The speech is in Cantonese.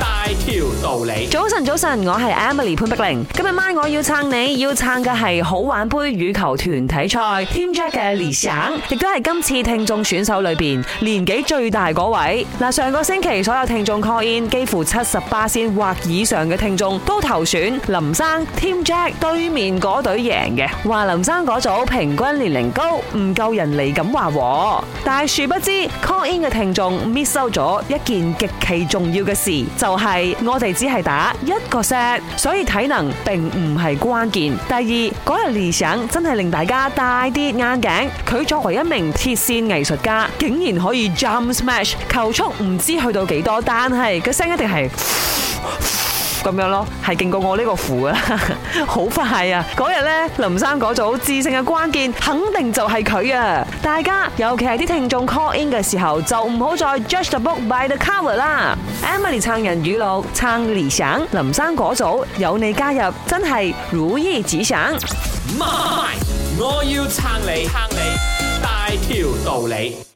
大條道理，早晨早晨，我係 Emily 潘碧玲。今日晚我要撐你，要撐嘅係好玩杯羽球團體賽，Team Jack 嘅李想亦都係今次聽眾選手裏邊年紀最大嗰位。嗱，上個星期所有聽眾 call in，幾乎七十八先或以上嘅聽眾都投選林生 Team Jack 對面嗰隊贏嘅，話林生嗰組平均年齡高，唔夠人嚟咁話。但係殊不知 call in 嘅聽眾 miss 收咗一件極其重要嘅事。就係、是、我哋只係打一個 set 所以體能並唔係關鍵。第二嗰日 Lee Siang 真係令大家大跌眼鏡。佢作為一名鐵線藝術家，竟然可以 jump smash，球速唔知去到幾多，但係個聲一定係。咁樣咯，係勁過我呢個符啊！好快啊！嗰日咧，林生嗰組致勝嘅關鍵，肯定就係佢啊！大家尤其係啲聽眾 call in 嘅時候，就唔好再 judge the book by the cover 啦！Emily 撐人語錄，撐理想，林生嗰組有你加入，真係如意吉祥！媽咪，我要撐你，撐你大條道理。